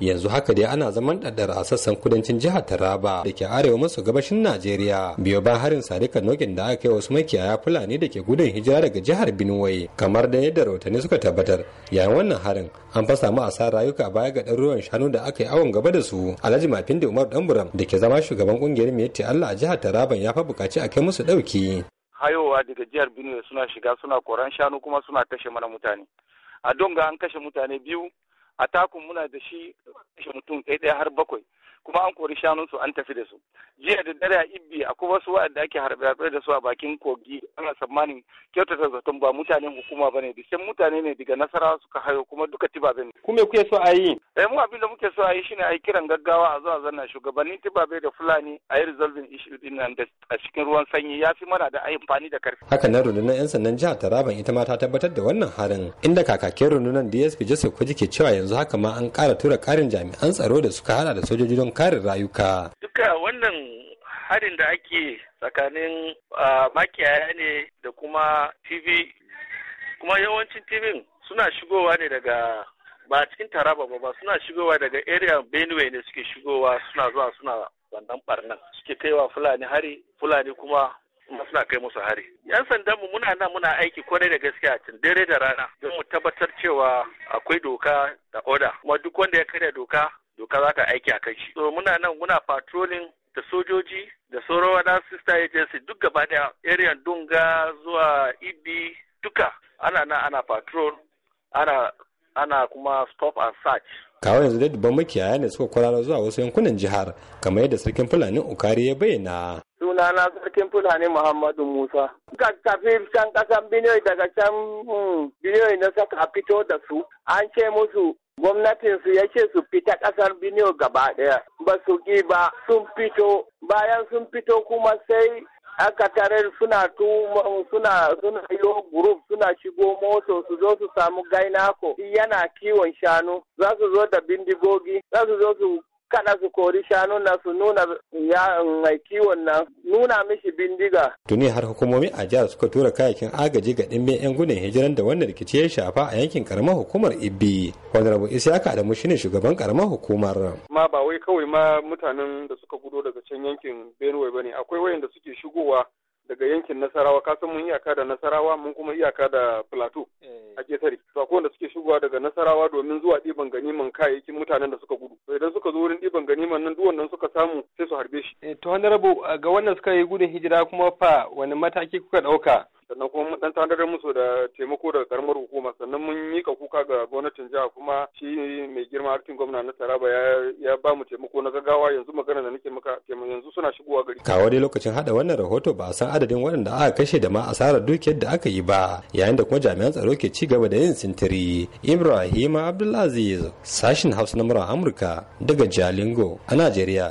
yanzu haka dai ana zaman ɗaɗɗar a sassan kudancin jihar taraba da ke arewa maso gabashin najeriya biyo ban harin sadika nokin da aka kai wasu makiyaya fulani da ke gudun hijira daga jihar benue kamar da yadda rahotanni suka tabbatar yayin wannan harin an fa samu asarar rayuka baya ga ɗaruruwan shanu da aka yi awon gaba da su alhaji mafin da umar danburam da ke zama shugaban kungiyar miyatti allah a jihar taraban ya fa buƙaci a kai musu ɗauki hayowa daga jihar benue suna shiga suna koran shanu kuma suna kashe mana mutane a donga an kashe mutane biyu a takun muna da shi mutum ɗaya ɗaya har bakwai kuma an kori shanunsu an tafi da su jiya da dare a ibbi akwai wasu da ake harbe-harbe da su a bakin kogi ana tsammanin kyautata zaton ba mutanen hukuma bane sai mutane ne daga nasara suka hayo kuma duka tibabe ne kuma kuke so a yi eh mu abin da muke so a yi shine a yi kiran gaggawa a zo a zanna shugabannin tibabe da fulani a yi resolving issue din nan da a cikin ruwan sanyi ya fi mana da amfani da karfi haka na rundunar yan sandan jihar Taraban ita ma ta tabbatar da wannan harin inda kakakin rundunar DSP Joseph Kwaji ke cewa yanzu haka ma an ƙara tura ƙarin jami'an tsaro da suka hada da sojoji don kare rayuka. Duka wannan harin da ake tsakanin makiyaya ne da kuma TV kuma yawancin TV suna shigowa ne daga ba cikin taraba ba suna shigowa daga area benue ne suke shigowa suna zuwa suna wannan barnan suke kaiwa fulani hari fulani kuma suna kai musu hari yan sandan mu muna nan muna aiki kwarai da gaskiya tun dare da rana don mu tabbatar cewa akwai doka da oda kuma duk wanda ya karya doka doka za ta aiki a kai shi. So muna nan muna patrolling da sojoji da sauran wadansu sister agency duk gaba da area dunga zuwa ibi duka ana nan ana patrol ana ana kuma stop and search kawo yanzu dai dubban makiyaya ne suka kwarara zuwa wasu yankunan jihar kamar yadda sarkin fulani ukari ya bayyana sunana sarkin fulani muhammadu musa ka tafi can kasan biniyoyi daga can hmm, biniyoyi na saka fito da su an ce musu Gwamnatinsu ya ce su fita kasar Biniyo gaba daya Ba su gi ba sun fito. Bayan sun fito kuma sai aka tare suna suna suna yo group suna shigo moto su zo su samu gainako yana kiwon shanu za su zo da bindigogi za su zo su kada su kori shanun na su nuna ya mai kiwon nan nuna mishi bindiga. Tuni har hukumomi a jihar suka tura kayakin agaji ga dimbin 'yan gudun hijiran da wannan rikici ya shafa a yankin karamar hukumar Ibbi. Honorable Isiyaka Adamu shine shugaban karamar hukumar. Ma ba wai kawai ma mutanen da suka gudo daga can yankin Benue bane akwai wayanda suke shigowa daga yankin Nasarawa kasan mun iyaka da Nasarawa mun kuma iyaka da Plateau a ketare. Eh. To akwai suke shigowa daga Nasarawa domin zuwa ɗiban ganiman kayayyakin mutanen da suka gudu. To idan suka zo wurin gani man nan duk wannan suka samu sai su harbe shi. Eh, to honorable ga wannan suka yi gudun hijira kuma fa wani mataki kuka ɗauka sannan kuma mun dan tanadar musu da taimako daga karamar hukuma sannan mun yi kuka ga gwamnatin jiha kuma shi mai girma harkin gwamna na taraba ya ba mu taimako na gaggawa yanzu magana da nake maka yanzu suna shigowa gari kawo dai lokacin hada wannan rahoto ba a san adadin waɗanda aka kashe da ma asarar dukiyar da aka yi ba yayin da kuma jami'an tsaro ke ci gaba da yin sintiri ibrahim abdulaziz sashin hausa na murar amurka daga jalingo a najeriya